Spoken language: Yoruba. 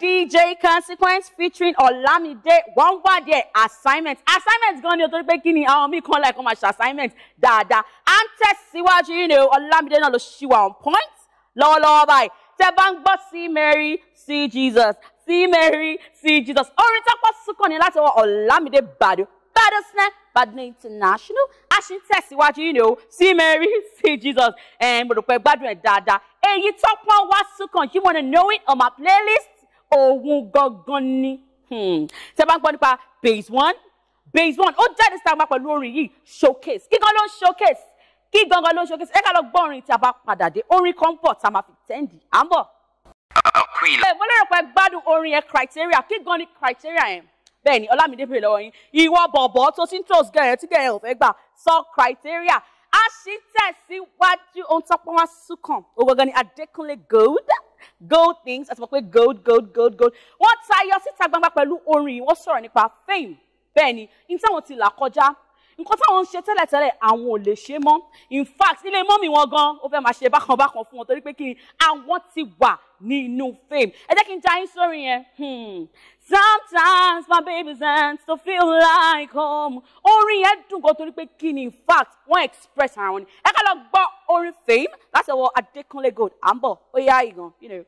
DJ consequence featuring Olamide wọ́n wá díẹ̀ assignment assignment gan ni o torí pé kí ni àwọn míì kan láìkọ́ máa ṣe assignment dáadáa What you know? Olamide náà ló ṣì on point lọ́wọ́lọ́wọ́ báyìí tẹ́ bá ń Mary see Jesus See Mary see Jesus orin tọ́pọ̀ sùkàn ni láti wọ Olamide Bado Bado Snare International a ṣì ń tẹ̀síwájú yìí ni o sí Mary sí Jesus ẹ̀ mo rò pé gbádùn ẹ̀ dáadáa èyí tó pọ́n wá sùkàn you wanna know it on my playlist òun gangan ni hmm. tẹ bá ń gbọ́ nípa base one base one ó jáde sáà máa pẹ̀lú orin yìí showcase kí gan ló ń showcase kí gangan ló ń showcase ẹ ká lọ gbọ́ orin tí a bá padà dé orin kan bọ̀ tá a máa fi tẹ́ǹdì à ń bọ̀. mo lérò pé gbádùn orin yẹn criteria kí gan ni criteria yẹn bẹ́ẹ̀ ni ọlámídé bèrè lọ́wọ́ yín ìwọ bọ̀bọ̀ tó ti ń tòsí gẹ̀rẹ́ tí gẹ̀rẹ́ ò fẹ́ gbà sọ criteria a sì tẹ̀síwájú ohun tó pọ́n wá sùkàn ògbọ̀ngàn ni adékúnlé gold gold things àti mọ̀ pé gold gold gold gold wọ́n tayọ síta gbangba pẹ̀lú orin yìí wọ́n sọ̀rọ̀ nípa fame bẹ́ẹ̀ ni ní táwọn ti là kọjá nǹkan táwọn ń ṣe tẹ́lẹ̀tẹ́lẹ̀ àwọn ò lè ṣe mọ́ in fact ilé mọ́mì wọn gan ó fẹ́ máa ṣe bákan bákan fún wọn torí pé kí àwọn ti wà ní inú fame ẹ jẹ́ kí n já yín sórí yẹn. Hmm. sometimes my baby tends to feel like home orin yẹn dùn gan torí pé kí in fact wọ́n express ara wọn ni ẹ ká lọ gbọ́ orin fame That's ọwọ́ Adékúnlé Gold à ń bọ̀ ó you know.